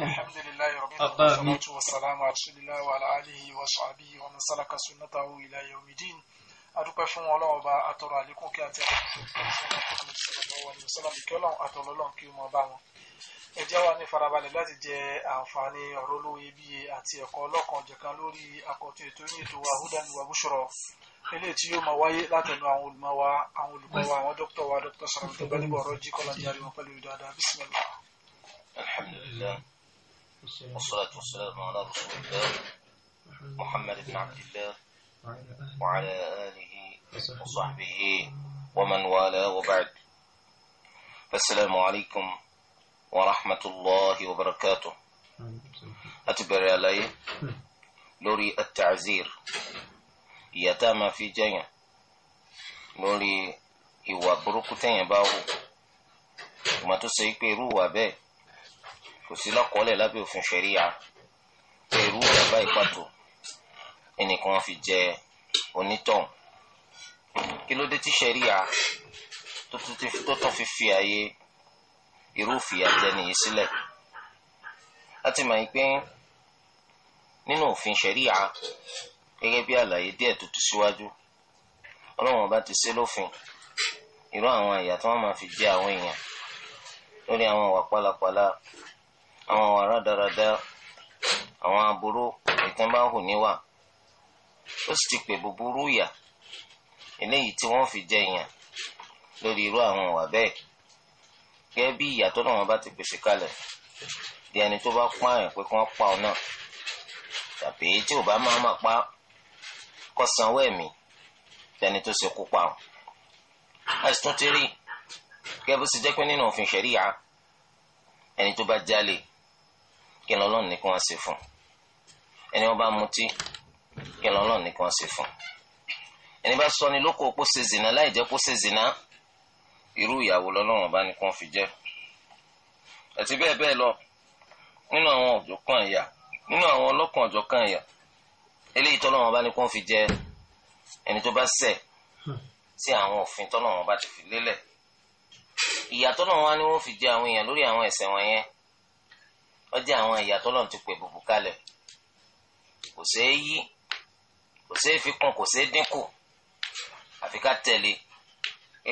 الحمد لله رب العالمين والصلاة والسلام على رسول الله وعلى آله وصحبه ومن سلك سنته إلى يوم الدين adúpẹ́ fún ọlọ́run ọba atọrọ àlékún kí àti àtọ̀lọ́lọ́run kí ó mọ bá wọn ẹ jẹ́ wá ní farabalẹ̀ láti jẹ àǹfààní ọ̀rọ̀ olówó iyebíye àti ẹ̀kọ́ ọlọ́kan ọ̀jọ̀kan lórí àkọ́tún ètò ní ètò àhúdàní wa búṣọ̀rọ̀ eléyìí tí yóò máa wáyé látẹnu àwọn olùmọ̀ wa àwọn olùkọ́ wa àwọn dókítà wa dókítà sọ̀rọ̀ والصلاة والسلام على رسول الله محمد بن عبد الله وعلى آله وصحبه ومن والاه وبعد السلام عليكم ورحمة الله وبركاته أتبر علي لوري التعزير يتامى في جنة لوري ìwà burúkú tẹ̀yìn ما wù ìmọ̀ kò sí lọ́kọ́lẹ̀ lábẹ́ òfin ṣẹ̀ríya pé irú ìjàmbá ìpàtó ẹnìkan fi jẹ onítọ̀hún kí ló dé tí ṣẹ̀ríya tó tọ́ fi fi àyè irú ìfìyàjẹni yìí sílẹ̀ láti mọ̀ pé nínú òfin ṣẹ̀ríya gẹ́gẹ́ bí àlàyé díẹ̀ tó ti síwájú ọlọ́run ọba ti ṣe lófin irú àwọn àyà tí wọ́n máa fi jẹ àwọn èèyàn lórí àwọn ìwà pálapàla àwọn ọ̀rá dáradára àwọn aburú ìtàn bá hù níwà ó sì ti pè búburú yà eléyìí tí wọ́n fi jẹ èèyàn lórí irú àwọn ìwà bẹ́ẹ̀ gẹ́gẹ́ bí ìyàtọ̀ náà wọn bá ti pèsè kalẹ̀ di ẹni tó bá pààyàn pé kí wọ́n pa ọ náà tàbí tí ò bá máa máa pa kó sanwó ẹ̀mí tẹni tó ṣe kú pa ọ. àìsí tún ti rí gẹ́gẹ́ bó ṣe jẹ́ pé nínú òfin ṣẹ̀ríyà ẹni tó bá jálè kí lọ́lọ́run ní kí wọ́n ṣe fún ẹni wọ́n bá mutí kí lọ́lọ́run ní kí wọ́n ṣe fún ẹni bá sọ ni lóko kó ṣe zina láì jẹ́ kó ṣe zina irú ìyàwó lọ́lọ́run ọba ní kí wọ́n fi jẹ́ àti bẹ́ẹ̀ bẹ́ẹ̀ lọ nínú àwọn ọ̀jọ̀kan ẹ̀yà nínú àwọn ọlọ́kan ọ̀jọ̀kan ẹ̀yà eléyìí tọ́lọ́run ọba ní kí wọ́n fi jẹ́ ẹni tó bá ṣẹ̀ sí àwọn òfin tọ́lọ́run ọba ti fi lélẹ̀ ìyà tọ́lọ́run wá ní wọ́n fi jẹ àwọn èèyàn lórí àwọn ẹ̀ṣẹ̀ wọn yẹn wọ́n jẹ́ àwọn ìyà tọ́lọ́run ti pè bùbù kalẹ̀ kò ṣeé yí kò ṣeé fi kún kò ṣeé dínkù àfi ká tẹ̀lé e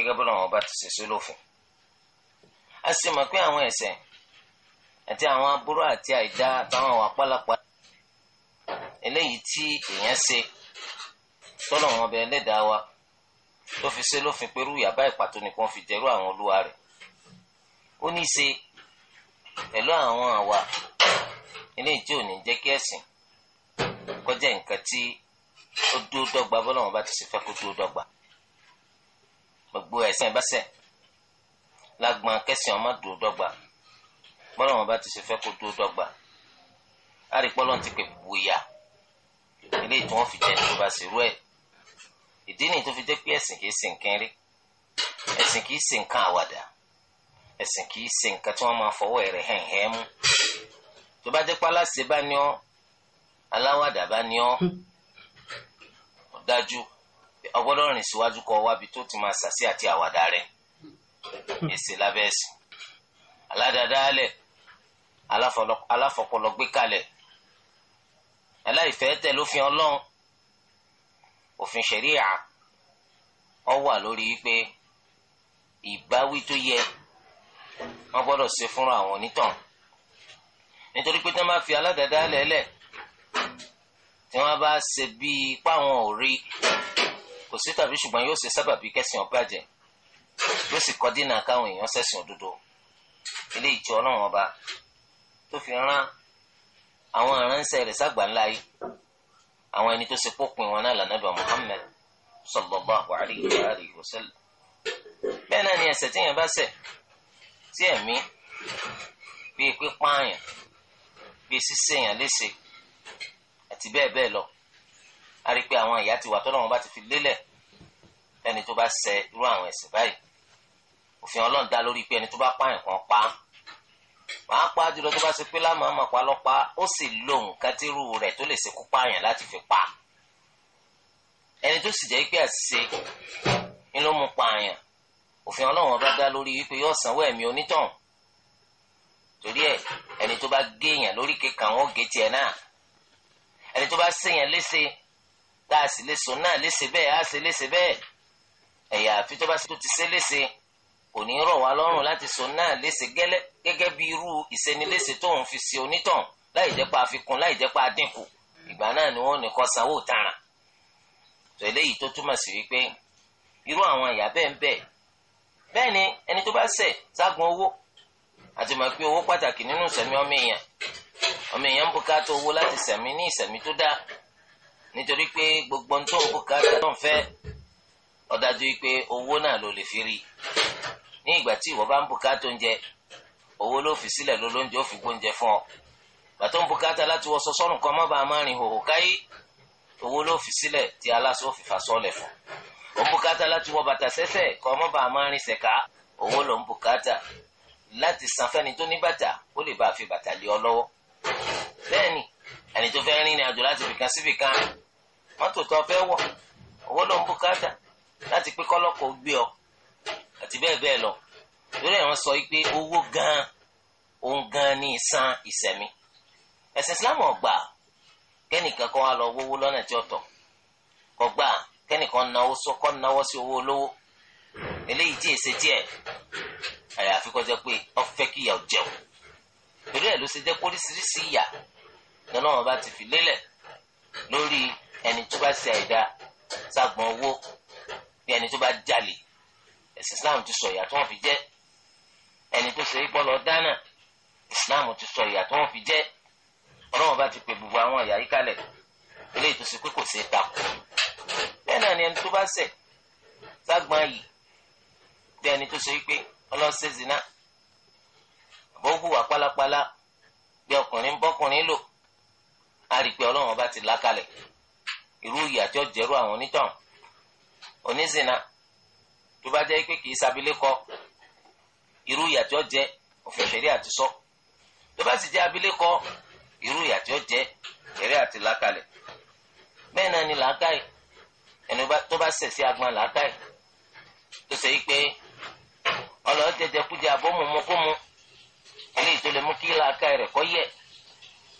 gẹ́gẹ́ bọ́lá wọn bá ti ṣe sí lófin. a sì mọ̀ pé àwọn ẹ̀ṣẹ̀ àti àwọn aburú àti àìdá àtàwọn àwọn apálapà eléyìí tí èèyàn ṣe tọ́lọ̀ wọn bẹ ẹlẹ́dàá wa tó fi ṣe lófin pẹ̀lú ìyàbá ìpàtó nìkan fi jẹ́rú àwọn olúwa rẹ̀ ó ní í ṣe pẹ̀lú àwọn àwa ilé ìjọ ò ní jẹ́ kí ẹ̀sìn kọjá nǹkan tí ó dúró dọ́gba bọ́lọ́wọ́n bá ti ṣe fẹ́ kó dúró dọ́gba gbogbo ẹ̀sìn ìbáṣẹ̀ lágbọn kẹsìn ọmọ dúró dọ́gba bọ́lọ́wọ́n bá ti ṣe fẹ́ kó dúró dọ́gba àrípọ́lọ́ ti pè bóyá ilé ìtọ́ wọn fi jẹ́ ní tó bá ṣe rú ẹ̀ ìdí nìyí tó fi jẹ́ pé ẹ̀sìn kìí ṣe nǹkan rí ẹ̀sìn kìí ṣe nǹkan àwàdà ẹ̀sìn kì í ṣe nǹkan tí wọ́n máa fọwọ́ rẹ̀ hẹ̀n hẹ́ mú tó bá jẹ́ pálásì bá ní ọ́ aláwàdà bá ní ọ́ ọ̀dájú ọgbọ́dọ̀ rìn síwájú kọ wábi tó ti máa sàṣì àti àwàdà rẹ̀ èsì lábẹ́ ẹ̀sìn aládàádáálẹ̀ aláfọpọlọ gbé kalẹ̀ aláìfẹ́ tẹ̀ lófin ọlọ́run òfin ṣẹ̀ríà ọ wà lórí pé ìbáwí tó yẹ wọ́n gbọ́dọ̀ ṣe fúnra àwọn onítàn nítorí pé tí wọ́n bá fi aládàáda lẹ́lẹ̀ tí wọ́n bá ṣe bíi ipá wọn ò rí kò sí tàbí ṣùgbọ́n yóò ṣe sábàbí kẹ́sìn ọ̀bàjẹ́ yóò sì kọ́ dínà káwọn èèyàn ṣẹ̀sìn òdodo ilé ìjọ ọlọ́run ọba tó fi rán àwọn aránṣẹ́ rẹ̀ ságbà yìí àwọn ẹni tó ṣe pópin wọn náà lànà bá Muhammad sallallahu alaihi wa alihi wa sallam bẹ́ẹ̀ náà ni ẹ̀ṣẹ̀ tíyẹn bá ṣẹ̀ tí ẹ̀mí bíi pípààyàn bíi ṣíṣèyàn léṣe àti bẹ́ẹ̀ bẹ́ẹ̀ lọ a rí i pé àwọn ìyá ti wà tọ́lọ́ wọn bá ti fi lélẹ̀ ẹni tó bá ṣe irú àwọn ẹ̀ṣẹ̀ báyìí òfin ọlọ́run dá lórí pé ẹni tó bá pààyàn kan pa á màá pa á jùlọ tó bá ṣe pé lámà á mà pa lọ́pa ó sì lo nǹkan tí irú rẹ̀ tó lè ṣekú pààyàn láti fi pa ẹni tó sì jẹ́ pé àṣìṣe ni ló mú pààyàn òfin ọlọ́run ọba dá lórí wípé yóò sanwó ẹ̀mí onítọ̀hún torí ẹ ẹni tó bá gé èèyàn lórí kéka wọn gé tiẹ̀ náà ẹni tó bá séèyàn léṣe tá a sì lè sùn náà léṣe bẹ́ẹ̀ á ṣe léṣe bẹ́ẹ̀ ẹ̀yà àfi tó bá tó ti ṣe léṣe kò ní rọ̀ wá lọ́rùn láti sùn náà léṣe gẹ́gẹ́ bí irú ìṣeniléṣe tó ń fi ṣe onítọ̀hún láì jẹ́ pa àfikún láì jẹ́ pa àdínkù ìgbà náà ni wọ́n ní sanwó tààrà tẹ̀lé yìí tó túmọ̀ sí wípé irú àwọn ìyá bẹ́ẹ̀ bẹ́ẹ̀ bẹ́ẹ̀ ni ẹni tó bá ṣẹ̀ ságun owó àti mọ̀ pé owó pàtàkì nínú ìṣẹ̀mí ọmọ èèyàn ọmọ èèyàn ń bùkátà owó láti ṣẹ̀mí ní ìṣẹ̀mí tó dáa nítorí pé gbogbo ohun tó ń bùkátà tó ń fẹ́ ó dájú pé owó náà ló lè fi rí ní ìgbà tí ìwọ bá ń bùkátà oúnjẹ owó ló fi sílẹ̀ ló lóúnjẹ ó fi gbóúnjẹ fún ọ bàtó ń bùkátà láti wọṣọ sọ́run kan mọ́ bá a máa rìn hòhò káyé owó ló fi sílẹ̀ tí aláṣọ fi fà sọ́ọ̀lẹ̀ fún ó ń bùkátà láti wọ bàtà sẹ́sẹ̀ kọ́ ọmọ bàá máa rin ṣẹ̀ka owó ló ń bùkátà láti san fẹ́ni tó ní bàtà ó lè bá a fi bàtà lé ọ lọ́wọ́ bẹ́ẹ̀ ni ẹni tó fẹ́ rìnrìn àjò láti bìkan síbì kan mọ́tò tó fẹ́ wọ̀ owó ló ń bùkátà láti pé kọ́lọ́kọ̀ gbé ọ àti bẹ́ẹ̀ bẹ́ẹ̀ lọ lórí àwọn sọ pé owó gan òun gan ní san ìsẹ̀mí ẹ̀sìn Islam ò kẹ́nìkan kọ́ wa lọ wówó lọ́nà tí ó tọ́ kẹ́nìkan náwó sọ́kọ́ náwó sí owó olówó eléyìí tí èsè díẹ̀ àyàfi kọjá pé ọfẹ́ kí ìyà jẹun torí ẹ̀ ló ṣe jẹ́ póríṣiríṣi ìyà lọ́nà wọn bá ti fi lélẹ̀ lórí ẹni tó bá ṣe àìda ságbọn owó bí ẹni tó bá jalè ẹ̀sìn Islam ti sọ ìyà tó wọ́n fi jẹ ẹni tó ṣe é dáná Islam ti sọ ìyà tó wọ́n fi jẹ ọlọ́wọ́n bá ti pè gbogbo àwọn ìyà yìí eléyìí tó ṣe pé kò ṣe é takò bẹ́ẹ̀ náà ni ẹni tó bá ṣẹ̀ ságbọ́n yìí bí ẹni tó ṣe wípé ọlọ́sẹ̀ zina àbọ̀ hùwà pálapàla bí ọkùnrin bọ́kùnrin lò á rí i pé ọlọ́run ọba ti lákalẹ̀ irú ìyà tí ó jẹ́rú àwọn onítàn onízina tó bá jẹ́ pé kì í sabilékọ irú ìyà tí ó jẹ́ òfin àti sọ tó bá sì jẹ́ abilékọ irú ìyà tí ó jẹ́ ìṣẹ̀rí àti lákalẹ̀ bẹ́ẹ̀ náà ni làákàyè ẹni tó bá sẹ̀ sí agbọn làákàyè tó ṣe pé ọlọ́ọ̀ jẹjẹ kújẹ abómumukúmu eléyìí tó lè mú kí làákàyè rẹ̀ kọ́ yẹ̀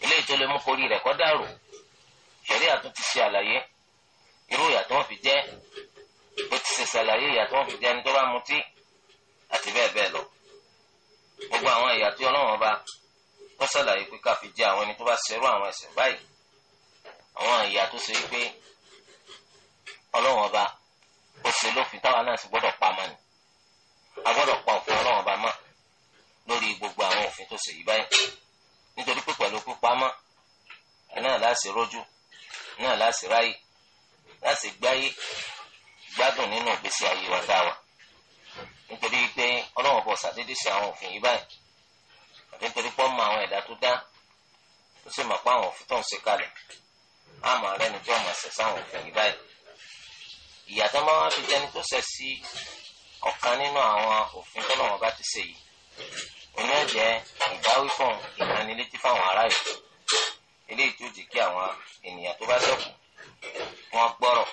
eléyìí tó lè mú kórìí rẹ̀ kọ́ dàrú ṣẹ̀rí àtún ti ṣe àlàyé irú ìyà tó wọ́n fi jẹ ó ti ṣe ṣàlàyé ìyà tó wọ́n fi jẹ ẹni tó bá mutí àti bẹ́ẹ̀ bẹ́ẹ̀ lọ gbogbo àwọn ìyà tí Ọlọ́run ọba ó ṣàlàyé pé ká fi jẹ àwọn ẹni tó bá ṣerú àwọn ẹ̀ṣẹ̀ báyìí àwọn ìyà tó ṣe wípé ọlọ́run ọba ó ṣe lófin táwa náà sì gbọ́dọ̀ pa mọ́ ni a gbọ́dọ̀ pa òfin ọlọ́run ọba mọ́ lórí gbogbo àwọn òfin tó ṣe yìí báyìí nítorí pé pẹ̀lú pípamọ́ náà láti rójú náà láti ráyè láti gbáyé gbádùn nínú ìgbésí ayé wa nítorí pé ọlọ́run ṣàdédé àwọn òfin yìí báyìí àti nítorí àwọn ẹ̀dá tó dá tó sì mọ̀ pé àwọn òfin tó ń ṣe kalẹ̀ ìyà tó máa ń fi jẹni tó ṣẹ̀ sí ọ̀kan nínú àwọn òfin tó lọ́wọ́ bá ti ṣe yìí òun yóò jẹ́ ìdáwí fún ìránnilétí fáwọn ará ìlú eléyìí tó jẹ́ kí àwọn ènìyàn tó bá ṣẹ́kù wọn gbọ́rọ̀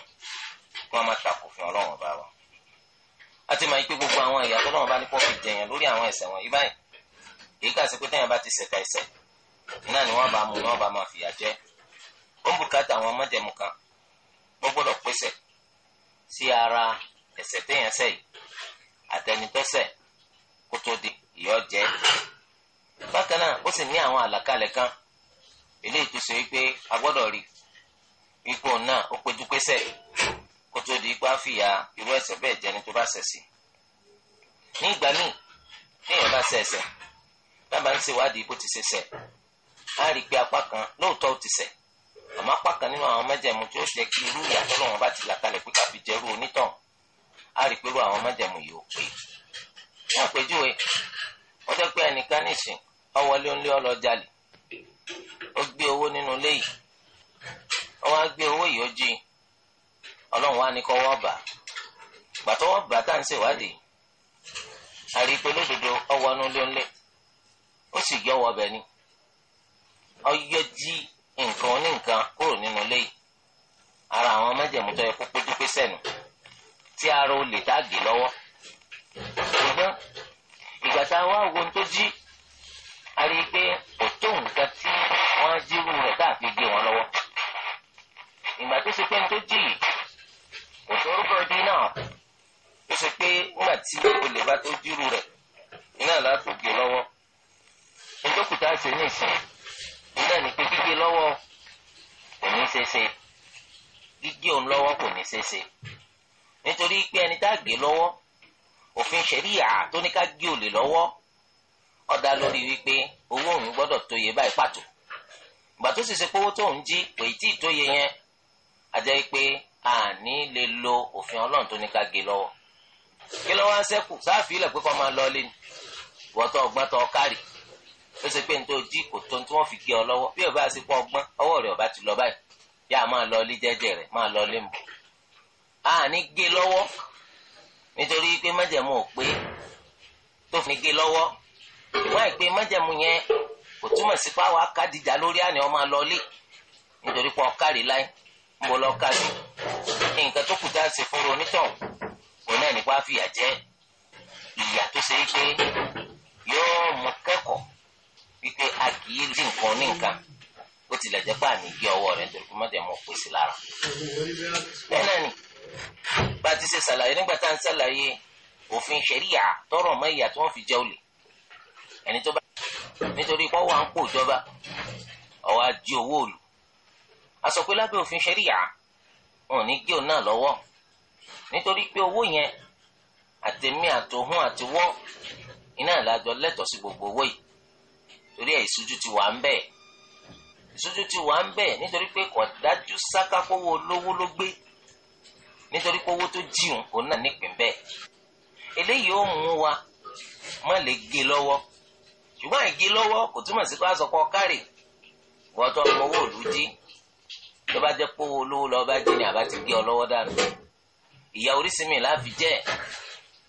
kí wọ́n máa takò fún ọlọ́run ọba wa a ti máa ń pé gbogbo àwọn ìyà tó lọ́wọ́ bá ní pọ́ jẹyàn lórí àwọn ẹ̀ṣẹ̀ wọn yìí báyìí èyí kà pé téèyàn bá ti ṣẹ̀ka ẹ̀ṣẹ̀ náà ni wọ́n bá mú náà bá máa fìyà jẹ ó ń bùkátà àwọn ọmọdémù kan wọ́n gbọ́dọ̀ pèsè Si ara ẹ̀ṣẹ̀ téèyàn ṣẹ̀ yìí àtẹnitẹ́ṣẹ̀ kó di ìyọ́ jẹ́ bákan ó sì ní àwọn kan eléyìí tó ṣe wípé a gbọ́dọ̀ rí ipò náà ó di ipá fìyà irú ẹ̀ṣẹ̀ bẹ́ẹ̀ jẹni tó bá ṣẹ̀ sí ní ìgbà míì téèyàn bá ṣẹ̀ ń bó ti ṣe ṣẹ̀ á rí i pé apá ti se. àmọ́ apá kan nínú àwọn májẹ̀mú tí ó ṣe kí irú ìyàtọ̀ lọ́wọ́n bá ti là kalẹ̀ pé káfí jẹ́rú onítàn á rí pẹ̀lú àwọn májẹ̀mú yìí ó pé ní àpèjúwe wọ́n jẹ́ pé ẹnìkan nìsín ó wọlé ńlé ó gbé owó nínú ilé yìí wọ́n wá gbé owó yìí ó jí ọlọ́run wá ní kọ́ wọ́n bà wọ́n bà tá à ń ṣèwádìí a rí pé lódodo ó ni Ọ yọ jí nǹkan oníǹkan kúrò nínú ilé yìí ara àwọn májẹ̀mú tó yẹ kó péjú pé sẹ́nu tí ara ó lè dáàgé lọ́wọ́ ṣùgbọ́n ìgbà tá a wá wo tó jí a rí i pé kò tó nǹkan tí wọ́n jírú rẹ̀ tá a fi gé wọn lọ́wọ́ ìgbà tó ṣe pé tó jí yìí kò tó orúkọ ẹbí náà ó ṣe pé nígbà tí olè bá tó jírú rẹ̀ iná láti gé lọ́wọ́ ẹjọ́ kùtà ṣe ní ìsìn náà ní pé gígé lọ́wọ́ kò ní ṣeéṣe gígé òun lọ́wọ́ kò ní ṣeéṣe nítorí pé ẹni tá a gé lọ́wọ́ òfin ṣẹ̀ríyà tó ní ká gé olè lọ́wọ́ ó dá lórí wípé owó òun gbọ́dọ̀ tó yẹ báyìí pàtó ìgbà tó sì ṣe pé owó tó ń jí kò ì tí ì tó yẹ yẹn a jẹ́ pé a ní lè lo òfin ọlọ́run tó ní ká gé lọ́wọ́ kí ló wá ń ṣẹ́kù sáàfì ilẹ̀ pé kọ́ máa lọ lé ni wọ́tọ̀ ọgbọ́n tó kárì ó ṣe pé n tó jí kò tó tí wọ́n fi gé ọ lọ́wọ́ bí ọba àṣepọ̀ ọgbọ́n ọwọ́ rẹ̀ ọba ti lọ báyìí yá máa lọ ilé jẹ́jẹ́ rẹ̀ máa lọ ilé mu. a ní gé lọ́wọ́ nítorí pé májẹ̀mú ò pé tó fi gé lọ́wọ́ ìwọ́n àìpé májẹ̀mú yẹn kò túmọ̀ sí fáwọn akádìjà lórí àná ọmọ lọ ilé nítorí pé ọkàrí láì ń bọ lọ́kàrí nǹkan tó kù dáhùn sí fún onítọ̀hún òun náà nípa fìyà jẹ ìyà tó ṣe é pé yóò mú kẹ́kọ̀ọ́ wípé a kì í dín nǹkan ní nǹkan ó tilẹ̀ jẹ́ pé àmì gé ọwọ́ rẹ̀ nítorí pé mọ́tẹ̀mọ́ pè sí lára. bẹ́ẹ̀ náà ni bá a ti ṣe ṣàlàyé nígbà tá à ń ṣàlàyé òfin ṣẹ̀ríyà tọrọ mọ́ ìyà tí wọ́n fi jẹ olè ẹni tó bá nítorí pọ́wọ́ à ń pò ìjọba ọ̀wá di owó òlù a sọ pé lábẹ́ òfin ṣẹ̀ríyà wọn ò ní gé òun náà lọ́wọ́ nítorí pé owó yẹn àtẹ̀mí àtòhún àtiwọ́ iná ìlàjọ lẹ́tọ̀ọ́ sí gbogbo owó yìí torí ẹ̀ ìṣojú ti wà ń bẹ̀ ìṣojú ti wà ń bẹ̀ nítorí pé kò dájú sáká kówó olówó ló gbé nítorí pé owó tó jìun òun náà nípìn bẹ́ẹ̀ eléyìí ó mú wa má lè gé lọ́wọ́ ṣùgbọ́n àìgé lọ́wọ́ kò túmọ̀ sí pé àsọpọ̀ kárì wọ́n tó ọmọ owó òlú jí tó bá jẹ́ pé olówó lọ́ọ́ bá jí ni àbá ti gé ọ lọ́wọ́ dànù ìyà orísìmí láfi jẹ́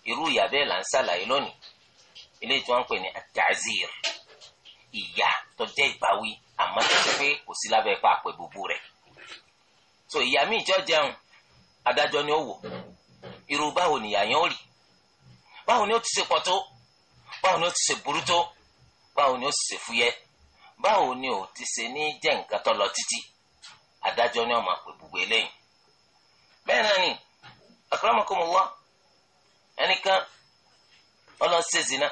irú ìyà bẹ́ẹ̀ là ń ṣàlàyé lónìí ilé tí wọ́n ń pè ní àtàzír ìyá tó jẹ́ ìbáwí àmọ́ tó ṣe pé kò sí lábẹ́ ipa àpò ìbòbò rẹ̀ so ìyá mi ìjọ jẹun adájọ́ ni ó wò irú báwo nìyá yẹn ó rí báwo ni ó ti ṣe pọ̀ tó báwo ni ó ti ṣe burú tó báwo ni ó ti ṣe fúyẹ́ báwo ni ó ti ṣe ní jẹ́ nǹkan tó lọ títí adájọ́ ni ó máa pè gbogbo eléyìí náà ni akramakumullah ẹnìkan ọlọ́sẹ̀ zina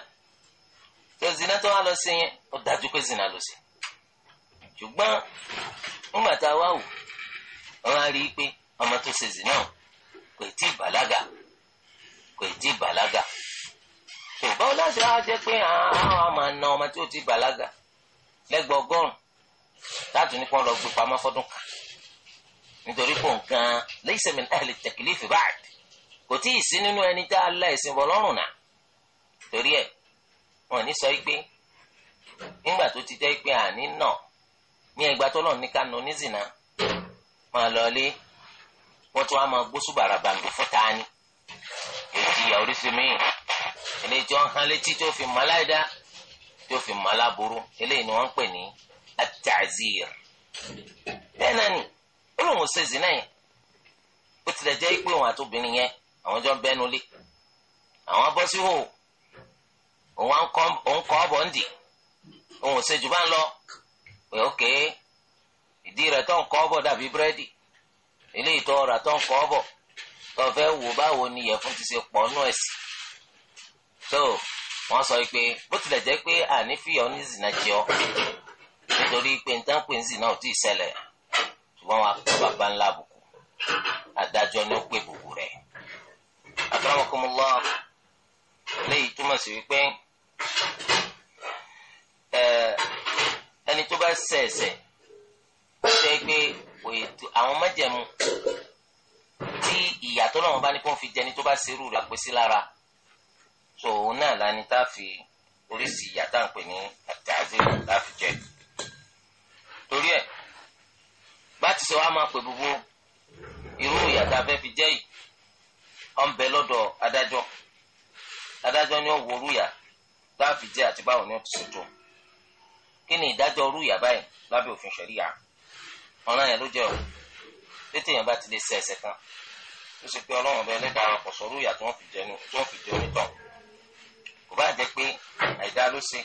tó zina tó wà lọ́sẹ̀ yẹn ó dájú pé zina ló ṣe ṣùgbọ́n nígbà tá a wá wò wọ́n á rí i pé ọmọ tó ṣe zina kò tí ì kò tí balaga na ọmọ tí ó ti balaga. ún láti ní kó lọ gbé pamọ́ fọ́dún kan nítorí nǹkan kò tí ì sí nínú ẹni tá a sọ pé. nígbà tó ti jẹ́ pé àní náà ní ẹgbàá tó lọ́ọ̀ ní ká nu nízìnà máa lọ lé wọ́n tún á máa gbósù bàràbàǹdù fún tani èyí ìyá oríṣi míì eléyìí tí wọ́n hán létí tó fi mọ́ aláìdá tó fi mọ́ aláburú eléyìí ni wọ́n ń pè ní atazir bẹ́ẹ̀ náà ni ó lóun ò ṣe zìnà yẹn ó tilẹ̀ jẹ́ pé òun àtòbìnrin yẹn àwọn jọ ń bẹ́nu lé àwọn bọ́ sí hò òun kọ́ ọ̀bọ̀ ń dì òun ò ṣe jù bá ń lọ pé ókè ìdí rẹ̀ tó ń kọ́ bọ̀ dàbí búrẹ́dì ilé ìtọ́ ọ̀rà tó ń kọ́ bọ̀ tó fẹ́ wò báwo ni ìyẹ̀fun ti ṣe pọ̀ nú ẹ̀sìn so wọ́n sọ pé bó tilẹ̀ jẹ́ pé ànífìyọ́ ní zìnà jẹ́ ọ nítorí pé n tán pé ń zìnà ò tí ì ṣẹlẹ̀ ṣùgbọ́n wọn akọ bàbá ńlá àbùkù adájọ́ ni ó pè bùkù rẹ̀ àtàwọn ọkọ̀ mọ́ lọ́ọ́ léyìí túmọ̀ sí wípé ẹni tó bá ṣẹ̀ ẹ̀ṣẹ̀ ó ṣe é pé àwọn májẹ̀mú tí ìyàtọ̀ náà bá ní kó fi jẹni tó bá ṣerú rà pé sí lára so òun náà lani tá a fi oríṣi ìyàtọ̀ ń pè ní àtàzírù tá a fi jẹ torí ẹ̀ bá ti sọ wá máa pè gbogbo irú ìyàtọ̀ abẹ́ fi jẹ́ yìí ó bẹ lọ́dọ̀ adájọ́ adájọ́ ni ó wo orú tá a fi jẹ àti báwo ni ó ti ṣètò kí ni ìdájọ́ ọrú ìyá báyìí lábẹ́ òfin ṣẹ̀ríyà ọ̀ràn yẹn ló jẹ́ o tètè yẹn bá ti lè ṣe ẹ̀ṣẹ̀ kan tó ṣe pé ọlọ́run bẹ ẹlẹ́dàá kò sọ̀rọ̀ ìyà tó ń fi jẹ onítàn kò bá jẹ́ pé àìdá ló ṣe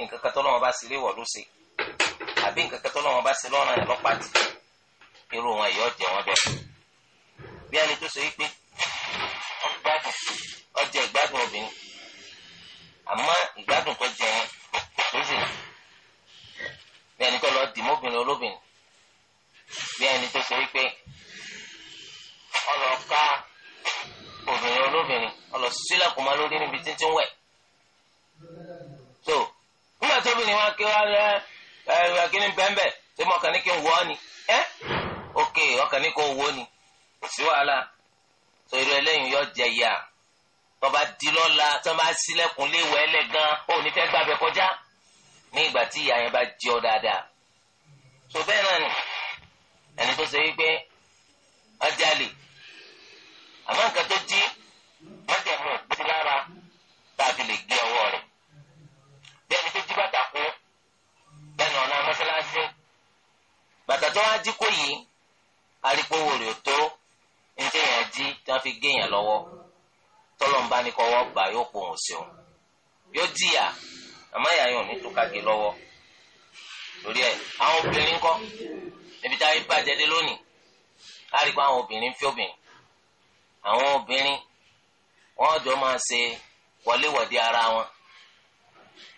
nǹkan kan tọ́lọ́run bá ṣe léwọ̀ ló ṣe àbí nǹkan kan tọ́lọ́run bá ṣe lọ́rùn yẹn lọ́pàá tì irú wọn èyí ọ̀jẹ̀ wọn bẹ̀ bí ẹni tó ṣe wípé ọjẹ́ ìgbádùn obìnrin àmọ́ ìgbádùn. àkùn máa lórí níbi títí ń wẹ̀. so nígbà tó bí ni wọn kí wọn ẹ ẹ kí ni bẹ́ẹ̀ bẹ́ẹ̀ ṣé mo kàn ní kí n wọ́ ni ẹ́ ok ọkàn ní kò wọ́ ni kò sí wàhálà so irú ẹlẹ́yìn yọ jẹ ya tọba di lọ́la tí wọ́n bá sílẹ̀kùn léwọ̀ ẹlẹ́ gan ó ní fẹ́ gbàgbẹ́ kọjá ní ìgbà tí ìyá yẹn bá jẹ ọ dáadáa so bẹ́ẹ̀ náà ni ẹni tó ṣe wípé ọjà lè àmọ́ nǹkan tó dín mọ́jẹ̀mú gbé lára bá a ti lè gbé ọwọ́ rẹ̀ bẹ́ẹ̀ni tó jí bàtà kú lẹ́nu ọ̀nà mọ́sálásí bàtà tó wá jí kó yìí arípòwò rẹ̀ tó ní téèyàn jí tí wọ́n fi géèyàn lọ́wọ́ tọ́lọ́mbá ní kọ́wọ́ gbà yóò pòun ṣeun yóò jìyà àmọ́ ìyá yóò ní túkàgé lọ́wọ́ lórí ẹ̀ àwọn obìnrin ń kọ́ ibi tá a yí bàjẹ́ dé lónìí láàrín pé àwọn obìnrin ń fi obìnrin àwọn obìnrin wọ́n jọ máa ṣe wọléwọ̀de ara wọn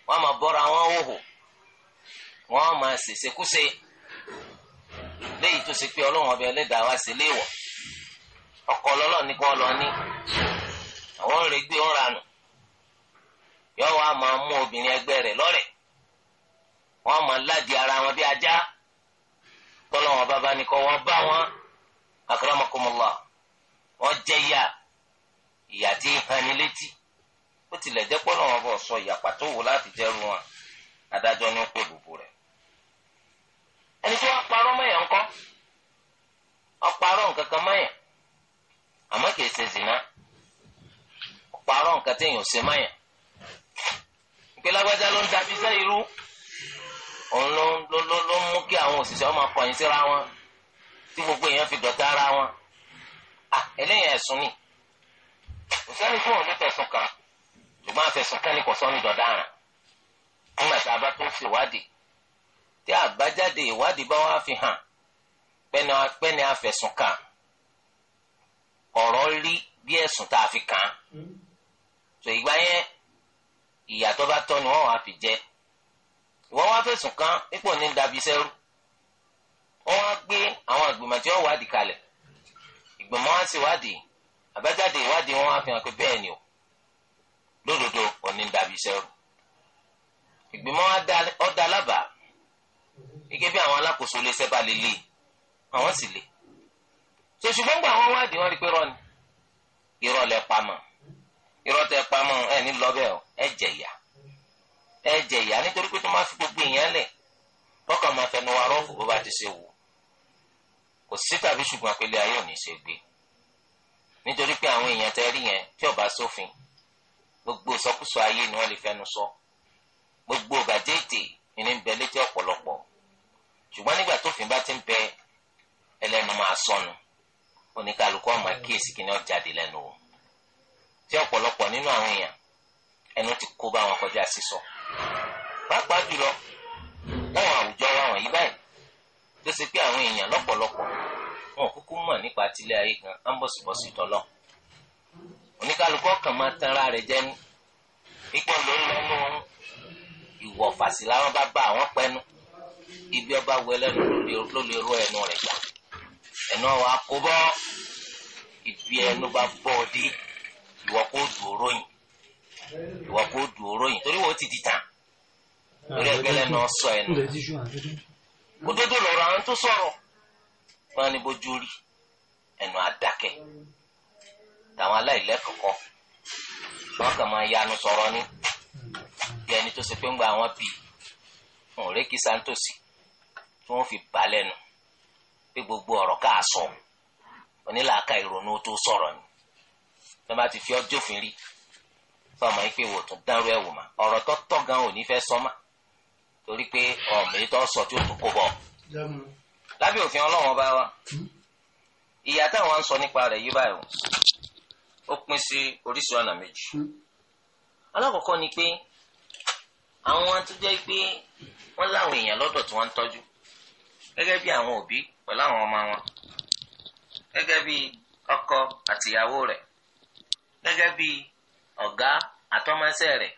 wọ́n máa bọ́ra wọn wòhò wọ́n máa ṣèṣekúṣe léyìí tó ṣe pé ọlọ́wọ́n ọbẹ̀ ẹlẹ́dàá wa ṣe léèwọ̀ ọkọ ọlọ́run ní kọ́ lọ ní àwọn ń gbé ń ranù yóò wá máa mú obìnrin ẹgbẹ́ rẹ̀ lọ́rẹ̀ wọ́n máa ládìí ara wọn bí ajá tọ́lọ́wọ́n bàbá ní kó wọ́n bá wọn akramakumullah wọ́n jẹ́ yá. ìyà tí ìhani létí ó tilẹ̀ jẹ́ pọ́nà wọn bọ̀ sọ ìyà pàtó wò láti jẹ́rú wọn adájọ́ ní kó bùbù rẹ̀. ẹni tí wọ́n parọ́ mọ́yà ńkọ́ ọparọ́ nǹkan kan mọ́yà àmọ́ kìí ṣe zina ọparọ́ nǹkan téèyàn ṣe mọ́yà ìpínlágbájá ló ń dàbí iṣẹ́ irú òun ló ló ló mú kí àwọn òṣìṣẹ́ ọmọ akọ̀yìn síra wọn tí gbogbo èèyàn fi dọ̀tá ara wọn à eléyìí ẹ̀sùn nìyí kò sẹ́ni fún òní fẹ̀sùn kàn ṣùgbọ́n àfẹ̀sùn kàn ní kò sọ́ni dọ̀daràn nígbà tá a bá tó ṣèwádìí tí àbájáde ìwádìí bá wá fi hàn pẹ́ni àfẹ̀sùn kàn ọ̀rọ̀ rí bí ẹ̀sùn tá a fi kàn án tó ìgbà yẹn ìyà tó bá tọ́ ni wọ́n wá fi jẹ ìwọ́n wá fẹ̀sùn kàn ipò ní dàbí wọ́n wá gbé àwọn ìgbìmọ̀ tí wọ́n wádìí kalẹ̀ ìgbìmọ̀ wá ṣèwádìí àbájáde ìwádìí wọn wá fi hàn pé bẹ́ẹ̀ ni o lódodo òní ń dàbí sẹ́rù ìgbìmọ̀ ọ̀dà alábàá gẹ́gẹ́ bí àwọn alákòóso iléeṣẹ́ bá lè lè àwọn sì lè ṣe ṣùgbọ́n gba àwọn wádìí wọn rí pé rọ ni irọ́ lẹ pamọ́ irọ́ tẹ pamọ́ ẹ ní lọ́bẹ̀ ọ ẹ jẹ ìyà ẹ jẹ ìyà nítorí pé tó máa fi gbogbo ìyẹn lẹ̀ tọkàn máa fẹnu wa rọ́ọ̀fù bó bá ti ṣe wù kò sí tàbí ṣùgbọ́n apẹ̀lẹ̀ ayé ò ní ṣe gbé nítorí pé àwọn èèyàn tẹ́ rí yẹn tí ó bá sófin gbogbo sọkúsọ ayé ni wọ́n lè fẹ́nu sọ gbogbo bàjẹ́ ètè ní bẹ létí ọ̀pọ̀lọpọ̀ ṣùgbọ́n nígbà tófin bá ti ń bẹ ẹlẹ́nu máa sọnù oníkàlùkù ọmọ kíyèsí kí ni ó jáde lẹ́nu o tí ọ̀pọ̀lọpọ̀ nínú àwọn èèyàn ẹnu ti kó bá wọn kọjá sísọ pàápàá jùlọ láwọn àwùjọ wa wọ̀nyí báyìí tó ṣe pé àwọn èèyàn lọ́pọ̀lọpọ̀ wọn kúkú mọ̀ nípa tilẹ̀ ayé gan á ń bọ̀sibọ̀sì tọ́lọ̀ oníkálukú ọkàn máa tanra rẹ̀ jẹ́ ní ipò ló ń lọ́nu ìwọ̀ fàṣì làwọn bá bá àwọn pẹ́nu ibi ọba wọ ẹlẹ́nu ló lè ró ẹnu rẹ̀ gbà ẹnu ọ̀wọ́ akóbọ́ ibi ẹnu bá bọ́ ọ dé ìwọ kó dùn ó ròyìn ìwọ kó dùn ó ròyìn torí wọ́n ti di tàn torí ẹgbẹ́ lẹ́nu ọ̀sọ́ ẹnu òdodo lọ́rọ̀ àwọn tó sọ̀rọ̀ wọn ní bójú rí ẹnu àdákẹ́ tàwọn aláìlẹ́kọ̀ọ́ wọn kàn máa yanu sọ̀rọ̀ ní bí ẹni tó ṣe pé ń gba àwọn bíi wọn ò rékì santosi tí wọn fi bà lẹ́nu pé gbogbo ọ̀rọ̀ káà sọ onílàáka ìrònú tó sọ̀rọ̀ ni tó bá ti fi ọjọ́ òfin rí fọmọ yìí pé wò tún dánrú ẹ̀ wò mà ọ̀rọ̀ tó tọ́ gan ò ní fẹ́ sọ torí pé ọ̀mọ̀ èyí tó sọ tí ó tún kó bọ̀ lábẹ́ òfin ọlọ́wọ́n bá wa ìyá táwọn ń sọ nípa rẹ̀ yí báyìí ó pín sí oríṣi ọ̀nà méjì alákọ̀ọ́kọ́ ni pé àwọn tó jẹ́ pé wọ́n láwọn èèyàn lọ́dọ̀ tí wọ́n ń tọ́jú gẹ́gẹ́ bí àwọn òbí pẹ̀lú àwọn ọmọ wọn gẹ́gẹ́ bí ọkọ àtìyàwó rẹ̀ gẹ́gẹ́ bí ọ̀gá àtọmọṣẹ́ rẹ̀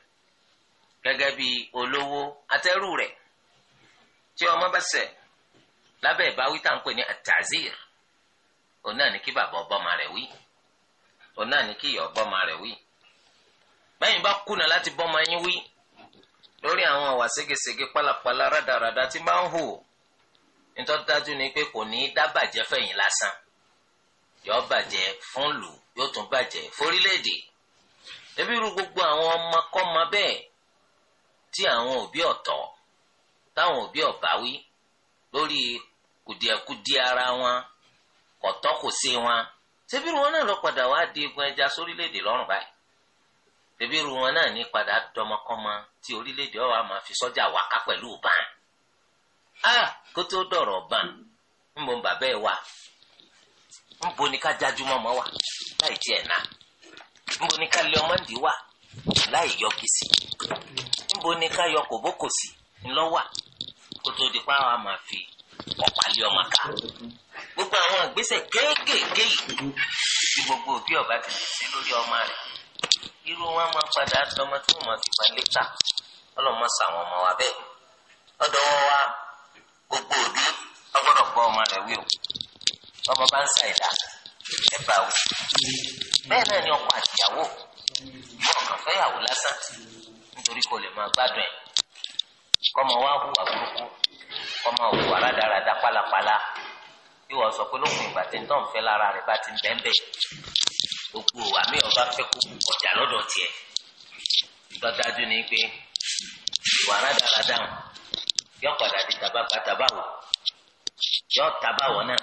gẹ́gẹ́ bí olówó àtẹrù rẹ̀ tí ọmọ bá lábẹ́ ìbáwí tá à ń pè ní atazir òun náà ní kí bàbá ọbọ̀mọ rẹ̀ wí òun náà ní kí ìyá ọbọ̀mọ rẹ̀ wí bẹ́yìn bá kùnà láti bọ́mọ yín wí lórí àwọn àwà ségesège pálapàla rádaràda tí máa ń hù nítorí dájú ni pé kò ní í dá bàjẹ́ fẹ̀yìn lásán yóò bàjẹ́ fún lù yóò tún bàjẹ́ forílẹ̀-èdè ebi irú gbogbo àwọn ọmọkọ́mọ bẹ́ẹ̀ tí àwọn òbí ọ̀tọ̀ táwọn òbí ọ̀báwí lórí kùdìẹ̀kudì ara wọn kọ̀tọ́ kò sí wọn ṣebíru wọn náà lọpadà padà wá di egun ẹja sórílẹ̀-èdè lọ́rùn báyìí ṣebíru wọn náà ní padà dọmọkọ́mọ tí orílẹ̀-èdè ọ̀wá fi sọ́jà wà ká pẹ̀lú ban a kó tó dọ̀rọ̀ ban ń bọ̀ bàbá ẹ̀ wà ń bo ní ká jájúmọ́ mọ́ wà láì tiẹ̀ nà ń bo ní ká lé ọmọ ǹdí wà láì yọ kìsì ń bo ní ká yọ kòbókòsì ńlọ́wà kó tó di pa àwọn máa fi ọ̀pàlẹ́ ọmọ ká gbogbo àwọn ìgbésẹ̀ kéékèèké yìí tí gbogbo òbí ọba ti lè sí lórí ọmọ rẹ̀ irú wọn máa padà dọmọ tí wọn máa fi pa lẹ́tà ọlọ́mọ sàwọn ọmọ wa bẹ́ẹ̀ ọ̀dọ̀ wọn wá gbogbo òbí ọgbọ́dọ̀ gbọ́ ọmọ rẹ̀ wí o ọmọ bá ń sa ìdá ẹ bá wù bẹ́ẹ̀ náà ni ọkọ àtìyàwó yóò kàn fẹ́yàwó lásán nítorí kò lè máa gbádùn ẹ̀ kọmọ wá hùwà burúkú kọ́mọ hùwà rádaràda palapala. bí wọ́n sọ pé lókun ìgbà tí ti ń bẹ́ńbẹ́ gbogbo àmì ọba fẹ́ kó ọjà lọ́dọ̀ tiẹ̀ lọ́dájú ni pé ìwà rádaràda hàn yọ padà di tabagba tabawọ̀ yọ náà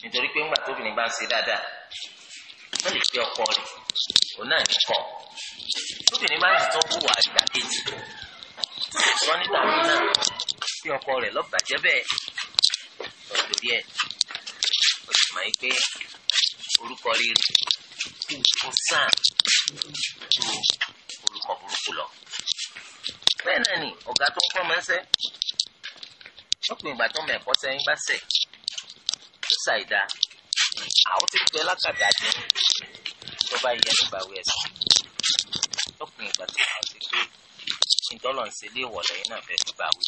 nítorí pé ńgbà tóbi ń dáadáa wọ́n lè fi ọkọ rẹ̀ òun náà kọ́ tóbi ń tún wọ́n ní tàbí náà kí ọkọ rẹ̀ lọ bàjẹ́ bẹ́ẹ̀ lórí ẹ̀ ó sì máa ń pé orúkọ rírì ó sàn ju orúkọ burúkú lọ. bẹ́ẹ̀ náà ni ọ̀gá tó kọ́ máa ń sẹ́ lópin ìgbà tó mẹ́ẹ̀kọ́ sẹ́yìn bá sẹ̀ ó ṣàìdá àwọn tí ń pẹ́ lákàtà dín tó bá yẹ nígbà wíẹ̀sì lópin ìgbà tó máa ń òfin tọ́lọ̀ ń ṣe lé ìwọ̀lẹ̀ yìí náà fẹ́ẹ́ fi gbà wí.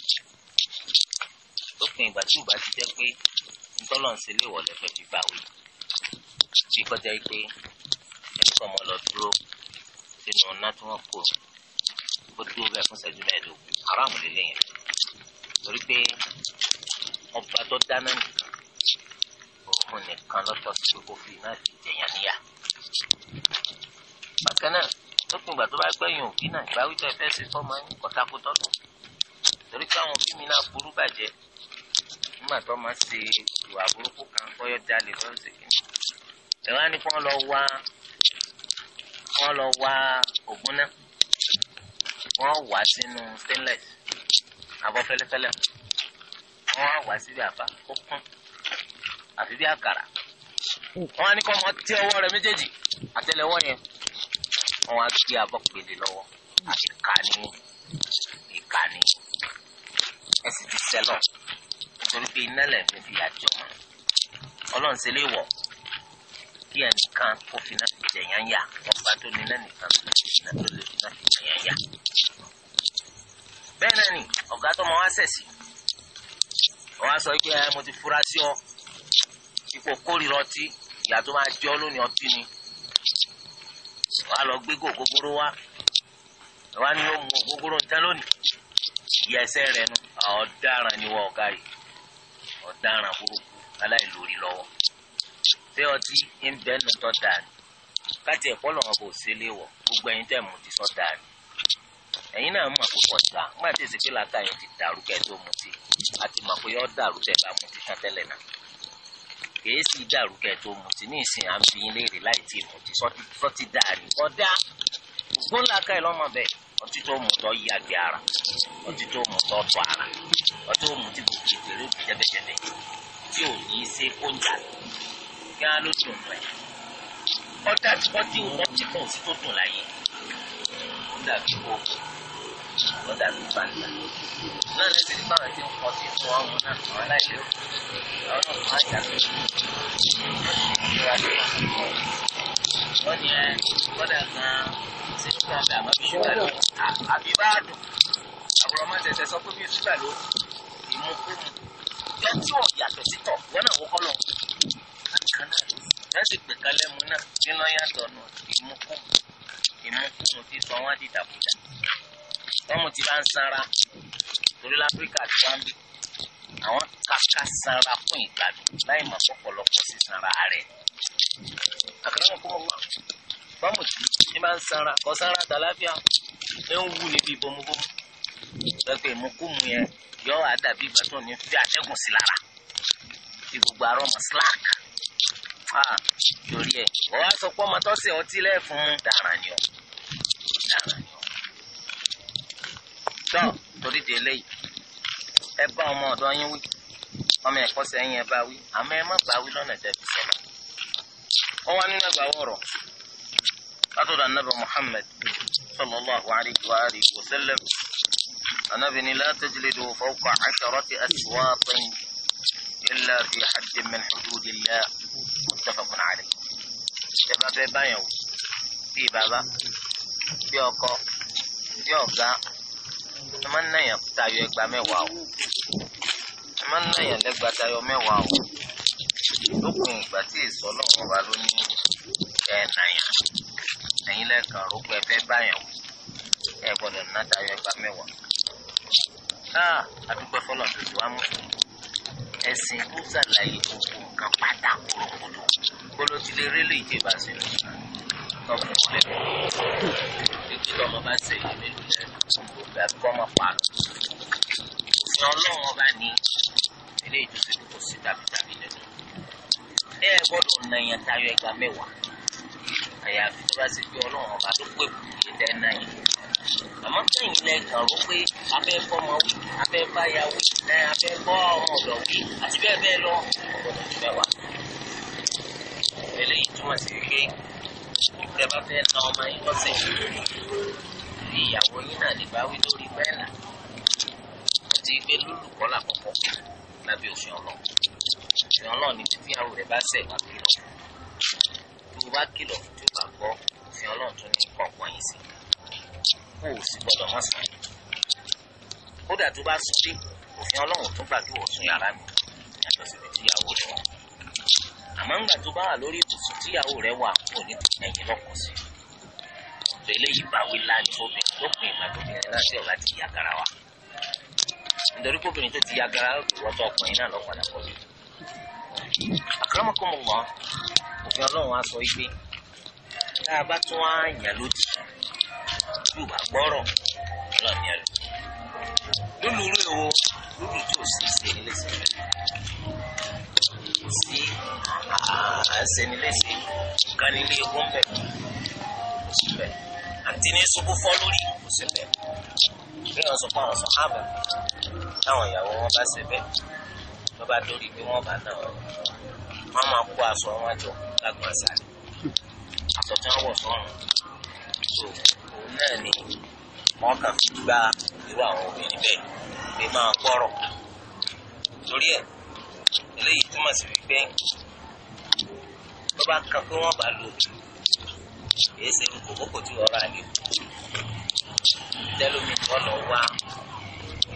lópin ìgbà tí ìgbà ti jẹ́ pé tọ́lọ̀ ń ṣe lé ìwọ̀lẹ̀ fẹ́ẹ́ fi gbà wí. bí kọjá pé ẹni kọ́ ọmọ lọ dúró sínú ọ̀nà tí wọ́n kó ó dúró bẹ́ẹ̀ fún ṣẹ́jú mẹ́ẹ̀ẹ́dógún haram lílé yẹn torí pé ọba tó dáná ni òun nìkan lọ́tọ̀ sí gbogbo fi náà fi jẹ̀yàn níyà. bákan náà lópin ìgbà tó bá pẹ́ yín òbí náà ìbáwí tẹ́ fẹ́ ṣe fọ́mọ yín kọ́takótọ́ tó torí pé àwọn òbí mi náà burú bàjẹ́ nígbà tó máa ṣe ìwà burúkú kan bọ́yọ́ jalè lọ́wọ́ ṣe kí ẹ wá ní kí lọ wá wọ́n lọ wá ògùn náà wọ́n wá sínú stainless abọ́ fẹ́lẹ́fẹ́lẹ́ wọ́n wá síbi àbá ó kún àfi bí àkàrà wọ́n á ní kí wọ́n ti ọwọ́ rẹ̀ méjèèjì àtẹ́lẹwọ́ yẹn wọn wá gbé abọ́ pèlè lọ́wọ́ àti kàní ìkàní ẹ sì ti sẹ́lọ̀ nítorí pé iná lẹ́ẹ̀mí fi àjọ mọ́ ọlọ́run ṣe lè wọ̀ kí ẹnìkan kó fi náà fi jẹ̀yàn yà wọ́n gbà tó ní lẹ́nìkan tó lè fi náà fi jẹ̀yàn yà bẹ́ẹ̀ náà ni ọ̀gá tó mọ wá sẹ̀sì wọ́n á sọ pé mo ti fura sí ọ ipò kórìíra ọtí ìyá tó máa jẹ́ ọ lónìí ọtí ni wọn á lọ gbé kó kókóró wá wọn á ní yóò mú kókóró ń tẹ lónìí ìyá ẹsẹ rẹ nu ọ̀daràn ni wọn ọ̀gá yìí ọ̀daràn burúkú aláìlórí lọ́wọ́ ṣé ọtí ń bẹnu tọ́ da ni káti ẹ̀kọ́ lọ́wọ́ kò sí ilé wọ̀ gbogbo ẹ̀yin tẹ̀ mú ti sọ́ da ni ẹ̀yin náà mọ̀ àkókò ọ̀dà nígbà tí èsì pé làákàyọ̀ ti dàrú kẹ́ẹ́ tó mutí àti mọ̀ pé ọ̀ dàrú tẹ̀ bá mutí tán tẹ́lẹ̀ náà kìí sì dàrú kẹtó mutí ní ìsìn à ń fi yín léèrè láì tí mutí sọtí dàrí ọdá gbọ́nlá ká ẹ lọ́mọ bẹ́ẹ̀ ọtí tó mú tọ́ yí ara ọtí tó mú tọ́ tọ́ ara ọtí tó mú tí kò kì í òbí jẹ́bẹ́jẹ́bẹ́ tí ò ní í ṣe oúnjẹ kí á ló dùn rẹ̀ ọtí ọtí ọtí kan ò sí tó dùn láyé ó dàbí kó kù ló dàbí gbàgbà náà lè tẹ̀lé báwọn ẹgbẹ́ ń kọ́ sí fún ọmọ náà fún aláìlẹ́ òkú àwọn náà máa jà pé ìrora ló wà fún ọ. wọ́n ní ẹ gbọ́dọ̀ gan-an ṣe fún ọbẹ̀ àbábí ṣúgà ló àbí bá dùn àbúrò ọmọ tẹ̀tẹ̀ sọ pé bí ṣúgà ló ìmúkúmu yẹn tí ò yàtọ̀ sítọ̀ wọ́n náà wọ́kọ́ lọ kan náà wọ́n sì pè kálẹ̀ mu náà nínú yàtọ̀ nù ìmúkúmu ìmúkúmu ti sọ wọ́n di dàbúdà tọ́mù ti bá ń sanra torí láfíríkà ti wá ń bí àwọn kàkà sanra fún ìgbádùn láì mọ̀ pọ̀pọ̀lọpọ̀ sí sanra rẹ̀. àkàrà kò wá bọ́mù tí ní máa ń sanra kọ́ sanra tàlàfíà ẹ ń wú níbi bomubomu lọ́pẹ́ ìmúkúmu yẹn yọ àdàbí ìgbàdùn ní fi àtẹ́gùn sí lára fi gbogbo àárọ̀ mọ̀ slack fa lórí ẹ̀ wọ́n á sọ pé ọmọ tó ṣe ọtí lẹ́ẹ̀fún dàrán ni ọ tọ́ torí de eléyìí ẹ bá ọmọ ọ̀dọ́ yín wí ọmọ ẹ̀kọ́ sẹ́yìn ẹ bá wí àmọ́ ẹ má bá wí lọ́nà tẹ̀bí sọ̀rọ̀ ó wá nínú ẹgbàá wọ̀rọ̀ látọ̀dọ̀ anábì Muhammad sallallahu alayhi wa alihi wa sallam anábì ni la tajlidu fawqa asharati aswatin illa fi haddin min hududillah muttafaqun alayhi ìjọba fẹ́ báyàn wò bí bàbá bí ọkọ bí ọ̀gá ẹ má nàyàn tayọ ẹgbàá mẹ́wàá o ẹ má nàyàn lẹ́gbàá tayọ mẹ́wàá o lókun ìgbà tí èso ọlọ́run wa ló ní ẹ nàyàn ẹ̀yin lẹ́ẹ̀kan rògbò ẹ fẹ́ báyàn o ẹ gbọ́dọ̀ ná tayọ ẹgbàá mẹ́wàá náà adúgbò fọlọ́ tó ti wá mú ẹ̀sìn tó ṣàlàyé gbogbo nǹkan pátá kúròkúrò kóló rélé ìdí ìbáṣe lọ lẹ́nu títí tọmọ bá ṣe ìdí lẹ́nu ìgbà tó kọ́ mọ̀ pààlọ́. òfin ọlọ́run ọba ní ilé ìjọsìn tó kò sí tàbítàbí nínú. ẹ ẹ gbọ́dọ̀ na èèyàn tayọ ẹgbàá mẹ́wàá. àyàfi tó bá ti gbé ọlọ́run ọba ló pè kú kí ẹ náà yẹn. àmọ́ sẹ́yìn ilẹ̀ kan rò pé abẹ́ fọmọ wí abẹ́ báyà wí abẹ́ bọ́ ọmọ ọ̀dọ̀ wí àti bẹ́ẹ̀ bẹ́ẹ̀ lọ ọ̀dọ̀ tó mẹ́wàá. eléyìí túmọ̀ sí pé tẹ bá fẹ́ na ọmọ yín lọ́sẹ̀ tí ìyàwó yín náà lè bá wí lórí bẹ́ẹ̀nà àti pé lólùkọ́ làkọ́kọ́ lábẹ́ òfin ọlọ́run òfin ọlọ́run ni títí rẹ̀ bá ṣẹ̀ wá kìlọ̀ tó bá kìlọ̀ tó bá gbọ́ òfin ọlọ́run tó ní pọ̀pọ̀ yìí sí kó o sì gbọ́dọ̀ mọ̀ sàn kódà tó bá sún dé òfin ọlọ́run tó gbàdúrà sún yàrá mi yàtọ̀ síbi tíyàwó rẹ̀ wà àmọ́ ńgbà tó bá wà lórí ibùsùn tíyàwó rẹ̀ wà kò ní ẹ̀yìn lọ́kọ̀ọ́sí sọ eléyìí bá wí láàyè obìnrin lópin ìgbà tó fi ẹ̀rọ sí ọ̀la ti ya gara wa nítorí pé obìnrin tó ti ya gara lọ́tọ̀ ọkùnrin náà lọ́kàn náà kọ́lé. àkàràmọ́kùnrin mọ́ òfin ọlọ́run á sọ wípé tá a bá tún wá yàn lódì yóò bá gbọ́rọ̀ lọ́ọ̀ni ẹ̀rọ lulu rẹ o lulu tí o sì ṣe ní lẹ́sẹ̀ sí àṣẹ ní lẹ́sẹ̀ kánilé egun bẹ síbẹ̀ àti ní ṣubú fọ́ lórí ìkùsùn bẹ́ẹ̀ bí wọ́n sọ pé àwọn sọ̀hábà táwọn ìyàwó wọn bá ṣe bẹ́ẹ̀ ló bá dórí pé wọ́n bá náà wọ́n máa kó aṣọ wọn jọ lágbọ̀n sáré aṣọ tí wọ́n wọ̀ sọ́run tó òun náà ni wọ́n kàn fi gba irú àwọn obìnrin bẹ́ẹ̀ pé máa gbọ́rọ̀ torí ẹ̀ eléyìí túmọ̀ sí wípé ló bá kàn pé wọ́n bá lò ó èyí ṣe irun kòkókò tí wọ́n rà ní tẹ́lómi tó lọ wá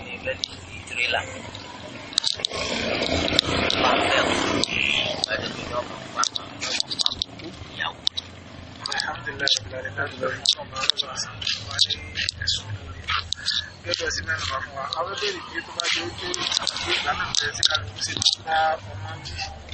ní lẹ́nu tirẹ́là bá fẹ́ o ẹni tó yọ ọmọ wa ìyàwó. alhamdulilayi bilali láti lọ fún ọmọ ọlọ́dọ̀ àṣà wa ní ẹ̀sùn lórí gẹ́gẹ́ sí mẹ́rin wà fún wa àwọn ẹgbẹ́ ìdílé tó bá jẹ́ ó tó ìgbà náà bẹ̀rẹ̀ sí kálukú ọmọ bíi.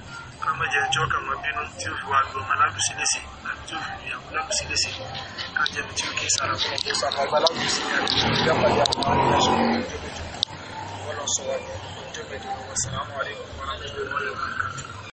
ká má jẹ tí ó kà máa bínú tí ó fi wá lu ọmọ alábùsí lèsè àti tí ó fi ìyàwó alábùsí lèsè ká jẹ tí ó kì í sára fún ọmọ sàkàgbà alábùsí àti ìjọba ìyàwó alábùsí lèsè wọ́n lọ sọ wà ní ọjọ́ ìgbẹ́jọ́ wọn sàlámù alaykum wa rahmatulahi wa barakatuh.